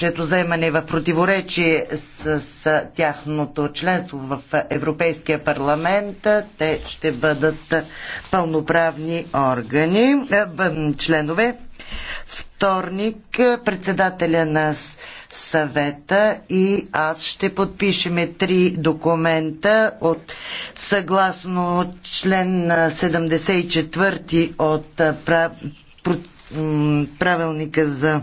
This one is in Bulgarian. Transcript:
чето заемане в противоречие с, с тяхното членство в Европейския парламент, те ще бъдат пълноправни органи, членове. Вторник председателя на съвета и аз ще подпишеме три документа от съгласно член 74 от правилника за